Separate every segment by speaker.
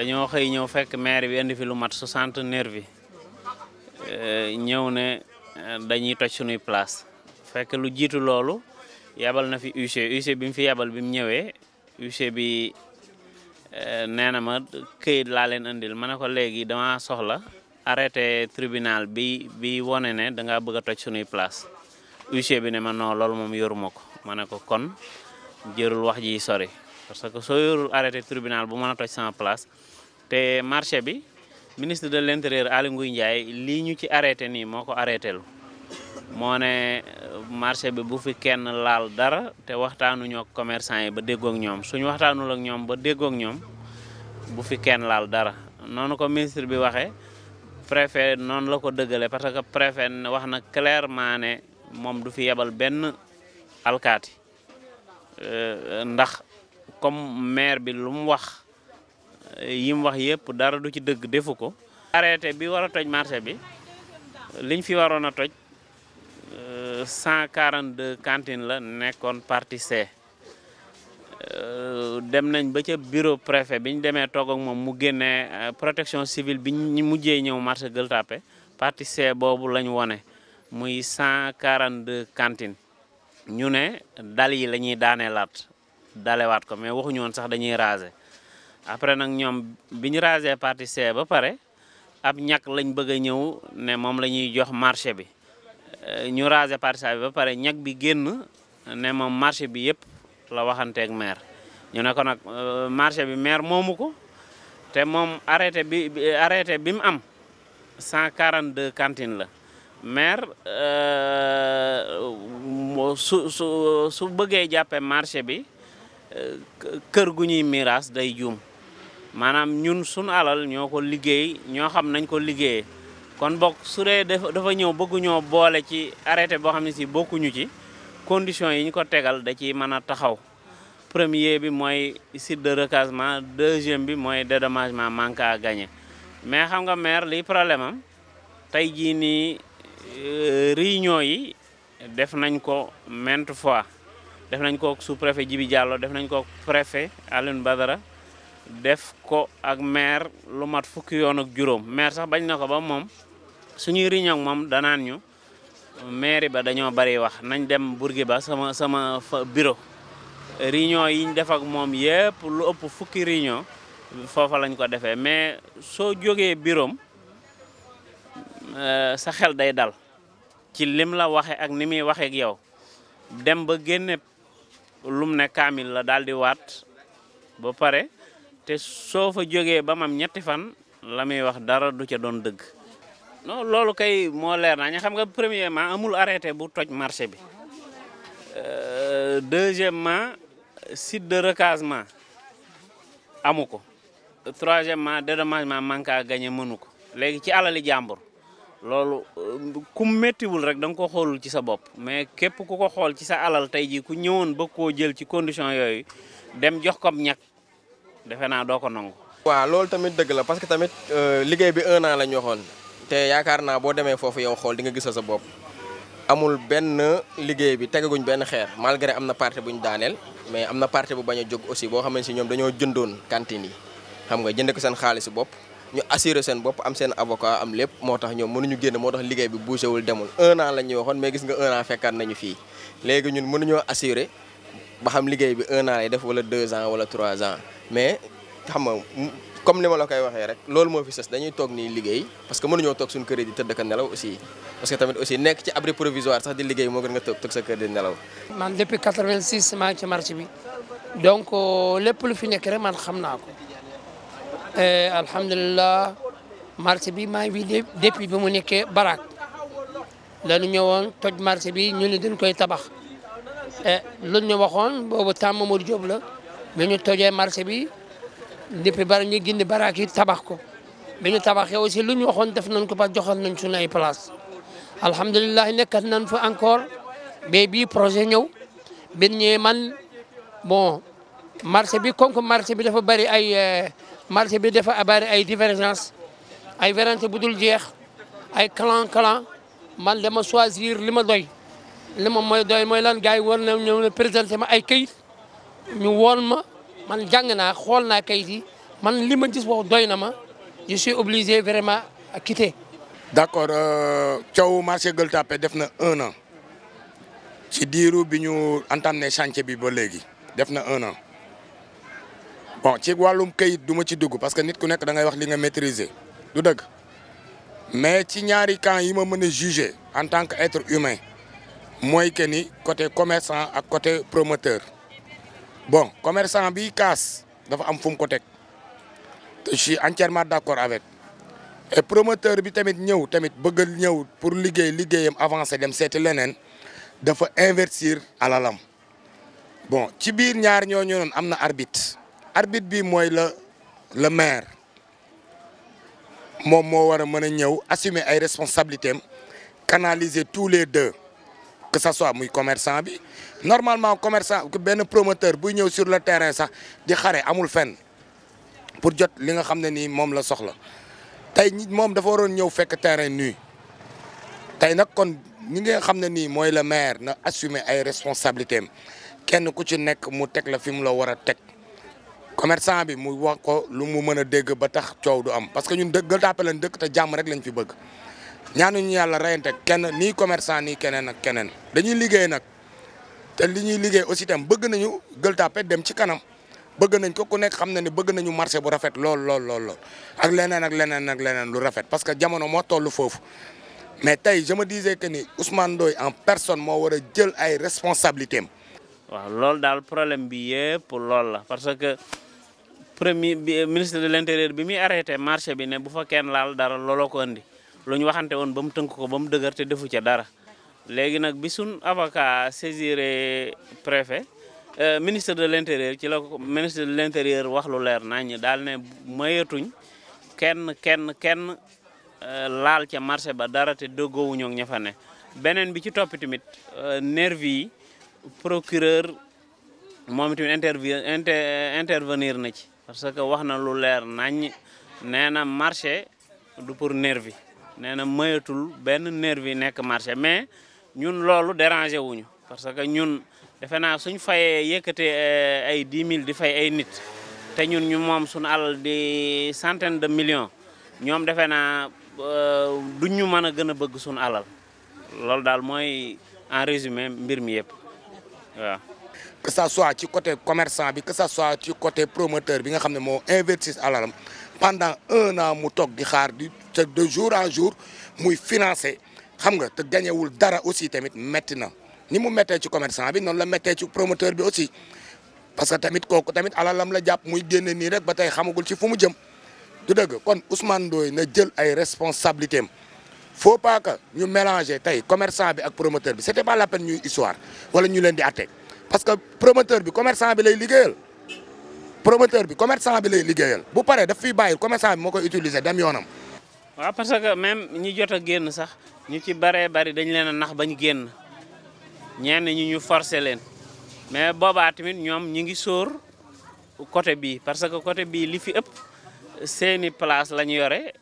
Speaker 1: dañoo xëy ñëw fekk maire bi indi fi lu mat nervi bi eh, ñëw ne eh, dañuy toj sunuy place fekk lu jiitu loolu yabal na fi UG UG bi mu fi yabal bi mu ñëwee UG bi eh, nee na ma këyit laa leen indil ma ne ko léegi dama soxla arrêté tribunal bi bi wone ne da ngaa bëgg a toj sunuy place UG bi ne ma non loolu moom yoruma ko ma ne ko kon jërul wax ji sori parce que soo yorul arrêté tribunal bu mën toj sama place te marché bi ministre de l' intérieur Aly Ngouille Ndiaye lii ñu ci arrêté nii moo ko arrêté lu moo ne euh, marché bi bu fi kenn laal dara te waxtaanuñoo commerçant yi ba déggoog ñoom suñu waxtaanul ak ñoom ba déggoog ñoom bu fi kenn laal dara noonu ko ministre bi waxee préfet noonu la ko dëggale parce que préfet wax na clairement ne moom du fi yebal benn alkaati euh, euh, ndax comme maire bi lu mu wax yi mu wax yëpp dara du ci dëgg defu ko. arrêté bi war a toj marché bi liñ fi waroon a toj 142 euh, cantines la nekkoon partie C euh, dem nañ ba ca bureau préfet bi ñu demee toog ak moom mu génnee euh, protection civile biñ ñu mujjee ñëw marché Gueule Tapée partie C boobu lañ wone muy 142 cantines ñu ne dal yi la ñuy daaneelaat dalewaat ko mais waxuñu sax dañuy raser. après nag ñoom bi ñu rasé partie C ba pare ab ñak lañ bëgg a ñëw ne moom la ñuy jox marché bi euh, ñu rasé partie A bi ba pare ñàkk bi génn ne moom marché bi yëpp la waxanteeg maire ñu ne ko nag euh, marché bi maire moomu ko te moom arrêté bi arrêté bi mu am deux cantines la maire euh, su su su bëggee jàppe marché bi kër gu ñuy miiras day juum. maanaam ñun sunu alal ñoo ko liggéey ñoo xam nañ ko liggéeyee kon bokk su dee dafa ñëw bëgguñoo boole ci arrêté boo xam ne si bokkuñu ci conditions yi ñu ko tegal da ciy mën a taxaw premier bi mooy si de recasement deuxième bi mooy dédommagement manque à gagner mais xam nga maire liy problème am tey jii nii euh, réunion yi def nañ ko maintes fois def nañ ko sous préfet Djibi Diallo def nañ ko préfet Alioune Badara def ko ak maire lu mat fukki yoon juróom maire sax bañ na ko ba moom suñuy réunion ak moom danaan ñu maire ba dañoo bari wax nañ dem Bourguiba sama sama bureau réunion yiñ ñu def ak moom yëpp lu ëpp fukki réunion foofa lañ ko defee mais soo jógee bureau euh, sa xel day dal ci lim la waxe ak ni muy waxeek yow dem ba génne lum ne kamil la daal di waat ba te soo fa jógee ba mam ñetti fan la muy wax dara du ca doon dëgg non loolu kay moo leer naa ñu xam nga premièrement amul arrêté bu toj marché bi euh, deuxièmement site de recasement amu ko troisièmement dédommagement manque à gagner mënu ko léegi ci alali jàmbur loolu euh, ku méttiwul rek da ko xoolul ci sa bopp mais képp ku ko xool ci sa alal tey ji ku ñëwoon ba koo jël ci condition yooyu dem jox ko ñàkk defe naa doo ko nangu.
Speaker 2: waaw loolu tamit dëgg la parce que tamit euh, liggéey bi un an la ñu waxoon te yaakaar naa boo demee foofu yow xool di nga gis sa bopp amul benn liggéey bi tegaguñ benn xeer malgré am na parti bu ñu daaneel mais am na parti bu bañ jóg aussi boo xam ne si ñoom dañoo jëndoon cantine yi xam nga jënd ko seen xaalisu bopp ñu assuré seen bopp am seen avocat am lépp moo tax ñoom mënuñu génn moo tax liggéey bi bougé wul demul un an la ñuy waxoon mais gis nga un an fekkaat fii léegi ñun mënuñoo assuré. ba xam liggéey bi un an lay def wala deux ans wala trois ans mais xam nga comme ni ma la koy waxee rek loolu moo fi sës dañuy toog nii liggéey parce que mënuñoo toog suñu kër yi di tëdd ka nelaw aussi parce que tamit aussi nekk ci abri provisoire sax di liggéey moo gën nga sa kër di nelaw.
Speaker 3: man depuis 86 ci marché bi donc euh, lépp lu fi nekk rek man xam naa ko euh, alhamdulilah marché bi maa ngi fi depuis bi mu nekkee barak lañu ñëwoon toj marché bi ñu ne dañ koy tabax. Eh, lu ñu waxoon boobu temps Mamadou Diop la bi ñu tojee marché bi depuis bari ñu gindi baraak tabax ko bi ñu yow si lu ñu waxoon def nañ ko ba joxal nañ suñu ay place alhamdulilah nekkat nañ fa encore mais bii projet ñëw bin ñee man bon marché bi comme que marché bi dafa bari ay eh, marché bi dafa bari ay divergence ay vérité bu dul jeex ay clan clan man dama choisir li ma doy li ma mooy doy mooy lan gars yi war na ñëw ne présenté ma ay kayit ñu woon ma man jàng naa xool naa kayit yi man li ma gis wax doy na ma je suis obligé vraiment à quitter.
Speaker 4: d' accord euh, Thiaw marché Gueule Tapée def na un an ci diiru bi ñu entamé chantier bi ba léegi def na un an bon ci wàllum kayit du ma ci dugg parce que nit ku nekk da ngay wax li nga maîtriser du dëgg mais ci ñaari camp yi ma mën a juger en tant que être humain. mooy que ni côté commerçant ak côté promoteur bon commerçant bi kaas dafa am fu mu ko teg je suis entièrement d'accord avec et promoteur bi tamit ñëw tamit bëgg ñëw pour liggéey liggéeyam avancer dem seeti leneen dafa investir alalam bon ci biir ñaar ñooñoon am na arbitre arbitre bi mooy la la maire moom moo war a mën a ñëw assume ay responsabilités am canaliser tous les deux. que ça soit muy commerçant bi normalement commerçant benn promoteur buy ñëw sur le terrain sax di xare amul fenn pour jot li nga xam ne nii moom la soxla tey moom dafa waroon ñëw fekk terrain nu tey nag kon ñi nga xam ne nii mooy le maire na assumer ay responsabilités kenn ku ci nekk mu teg la fi mu la war a teg commerçant bi mu wax ko lu mu mën a dégg ba tax coow du am parce que ñun dëgg Gueule Tapée lañ dëkk te jàmm rek lañ fi bëgg ñaanuñu yàlla reyante kenn nii commerçant ni keneen ak keneen dañuy liggéey nag te li ñuy liggéey aussi tam bëgg nañu Gueule Tapée dem ci kanam bëgg nañ ko ku nekk xam na ni bëgg nañu marché bu rafet lool lool lool ak leneen ak leneen ak leneen lu rafet parce que jamono moo tollu foofu mais tey je me disais que ni Ousmane en personne moo war a
Speaker 1: jël ay responsabilités am. waaw loolu daal problème bi yëpp loolu la parce que premier ministre de l' intérieur bi muy arrêté marché bi ne bu fa laal dara looloo ko andi. lu ñu waxante woon ba mu tënk ko ba mu dëgër defu ca dara léegi nag bi suñ avocat saisiré préfet euh, ministre de l' intérieur ci la ko ministre de l' intérieur wax lu leer nañ daal ne mayetuñ kenn kenn kenn euh, laal ca marché ba dara te dëggoowuñu ak ña fa ne beneen bi ci topp tamit euh, nervi yi procureur moom tamit intervi intervenir na ci parce que wax na lu leer nañ nee na marché du pour nervi nee na mayatul benn nervi nekk marché mais ñun loolu dérangé wuñu parce que ñun defe naa suñ fayee yëkkatee eh, ay 10 000 di fay ay nit te ñun ñu moom suñu alal di centaine de million ñoom defe naa euh, duñ ñu mën a gën a bëgg suñu alal loolu daal mooy en résumé mbir mi yëpp waaw.
Speaker 4: que ça soit ci côté commerçant bi que ça soit ci côté promoteur bi nga xam ne moo investir alalam. pendant un an mu toog di xaar di te de jour en jour muy financé xam nga te gañewul dara aussi tamit métti na ni mu mettee ci commerçant bi noonu la méttee ci promoteur bi aussi parce que tamit kooku tamit alalam la jàpp muy génne nii rek ba tey xamagul ci fu mu jëm du dëgg kon Ousmane Ndoye na jël ay responsabilités am faut pas que ñu mélanger tey commerçant bi ak promoteur bi c'était pas la peine ñuy histoire wala ñu leen di atte parce que promoteur bi commerçant bi lay liggéeyal promoteur bi commerçant bi lay liggéeyal bu paree daf fiy bàyyi commerçant bi moo koy utiliser dem yoonam.
Speaker 1: waaw parce que même ñi jot a génn sax ñu ci baree bari dañ leen a nax bañ génn ñenn ñi ñu forcer leen mais boobaa tamit ñoom ñi ngi sóor côté bii parce que côté bii li fi ëpp seeni place la ñu yore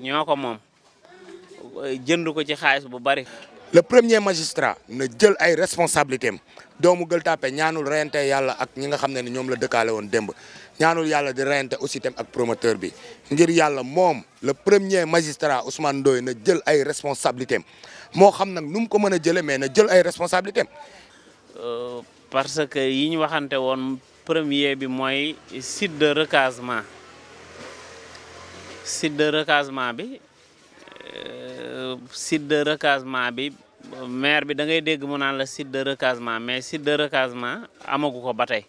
Speaker 1: ñoo ko moom jënd ko ci xaalis bu bari.
Speaker 4: le premier magistrat na jël ay responsabilités am doomu Gueule Tapée ñaanul reyante yàlla ak ñi nga xam ne ni ñoom la dëkkaale woon démb ñaanul yàlla di reyante aussi tam ak promoteur bi ngir yàlla moom le premier magistrat Ousmane Ndoye na jël ay responsabilités moo xam nag nu mu ko mën a jëlee mais na jël ay responsabilités
Speaker 1: euh, parce que yi ñu waxante woon premier bi mooy site de recasement site de recasement bi euh, site de recasement bi maire bi dangay dégg mu naan la site de recasement mais site de recasement amagu ko ba tey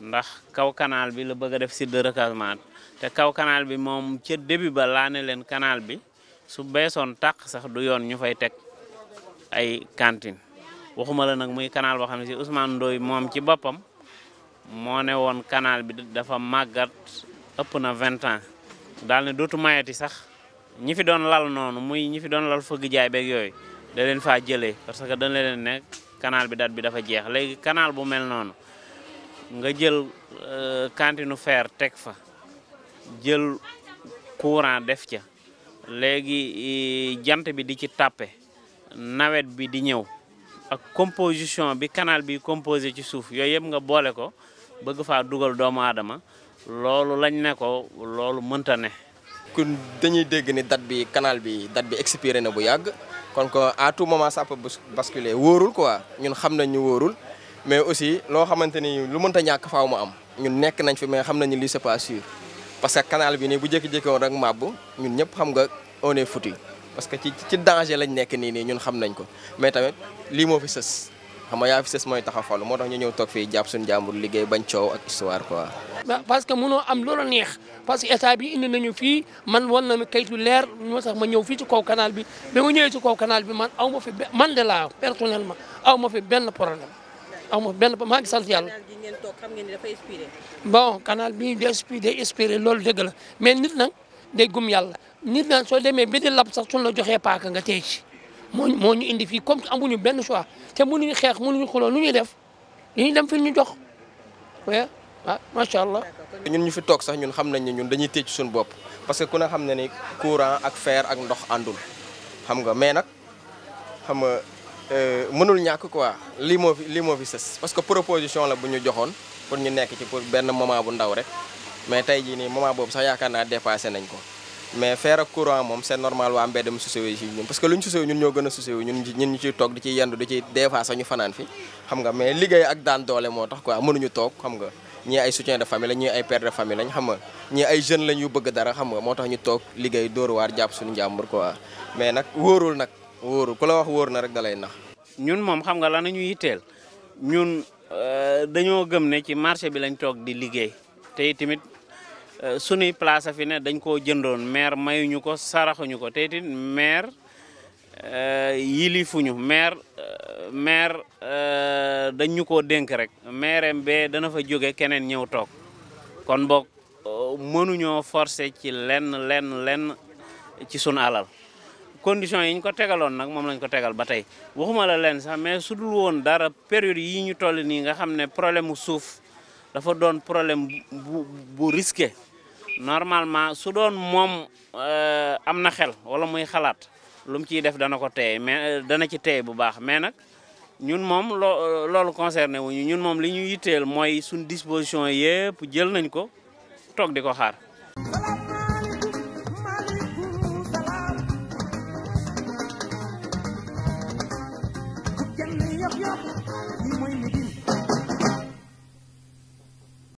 Speaker 1: ndax kaw canal bi la bëgg a def site de recasement te kaw canal bi moom ca début ba laa leen canal bi su beesoon tàq sax du yoon ñu fay teg ay kantin waxuma la nag muy canal boo xam ne si Ousmane Ndoye moom ci boppam moo ne woon canal bi dafa màggat ëpp na vint ans daal ne dootu mayati sax ñi fi doon lal noonu muy ñi fi doon lal fëgg jaay beeg yooyu daleen leen faa jëlee parce que dañ ne kanaal bi dat bi dafa jeex léegi kanaal bu mel noonu nga jël kantinu euh, fer teg fa jël courant def ca léegi jant bi di ci tàppe nawet bi di ñëw ak composition bi kanaal bi composé ci suuf yooyu yëpp nga boole ko bëgg faa dugal doomu aadama loolu lañ ne ko loolu mënta ne.
Speaker 2: ku dañuy dégg ni date bi canal bi dat bi expiré na bu yàgg. kon que à tout moment ça peut basculer wóorul quoi ñun xam nañ ñu wóorul mais aussi loo xamante ni lu mënta ñàkk faaw mu am ñun nekk nañ fi mais xam nañu li c'est pas sûr parce que canal bi nii bu jékki-jékki woon rek màbb ñun ñëpp xam nga on est foutu parce que ci ci danger lañ nekk nii nii ñun xam nañ ko mais tamit lii moo fi sës. xam nga yaa fi sës mooy taxaw falu moo tax ñu ñëw toog fii jàpp suñu jàmbur liggéey bañ coow ak histoire quoi.
Speaker 3: parce que mënoo am loola neex parce que état bi indi nañu fii man wan nañu kayitu leer moo tax ma ñëw fii ci kaw canal bi ba ma ñëwee ci kaw canal bi man aw ma fi man de laa personnellement aw ma fi benn problème aw ma benn maa ngi sant yàlla. bon canal bi di inspiré inspiré loolu dëgg la mais nit nag day gum yàlla nit nag soo demee ba di lab sax suñ la joxee paaka nga tey ci moo moo ñu indi fii comme amuñu benn choix te nu ñu xeex mu ñu xuloo nu ñuy def dañuy dem fi ñu jox waaye ah macha
Speaker 2: allah. ñun ñu fi toog sax ñun xam nañ ne ñun dañuy tëj suñu bopp parce que ku ne xam ne ni courant ak fer ak ndox àndul xam nga mais nag xam nga euh, mënul ñàkk quoi lii moo fi lii moo fi sës parce que proposition la bu ñu joxoon pour ñu nekk ci pour benn moment bu ndaw rek mais tey jii nii moment boobu sax yaakaar naa dépassé nañ ko. mais fer ak courant moom c'est normal waa mbedd mi susewu yi ñun parce que lu ñu susewu ñun ñoo gën a susewu ñun ñun ñu ciy toog di ciy yendu di ciy des fois sax ñu fanaan fi xam nga mais liggéey ak daan doole moo tax quoi mënuñu toog xam nga ñii ay soutien de famille la ñii ay père de famille lañ xam nga ñii ay jeunes lañ yu bëgg dara xam nga moo tax ñu toog liggéey dóoru waar jàpp suñu
Speaker 1: njàmbur quoi mais nag wóorul nag wóorul ku la wax wóor na rek da nax ñun moom xam nga la nañu yitteel ñun euh, dañoo gëm ne ci marché bi lañ toog di liggéey Euh, sunuy place fi dañ koo jëndoon maire mayuñu ko saraxuñu ko te it maire euh, yilifuñu maire euh, maire dañ ñu ko dénk rek maire be dana fa jóge keneen ñëw toog kon boog mënuñoo forcer ci lenn lenn lenn ci sunu alal condition yi ñu ko tegaloon nag moom lañ ko tegal ba tey waxuma sax mais su woon dara période yi ñu toll nii nga xam ne problème mu suuf dafa doon problème bu bu risqué normalement su doon moom euh, am na xel wala muy xalaat lu mu ciy def dana ko téye mais euh, dana ci téye bu baax mais nag ñun moom loo euh, loolu concerné wuñu ñun moom li ñu yiteel mooy suñ disposition yëpp jël nañ ko toog di ko xaar.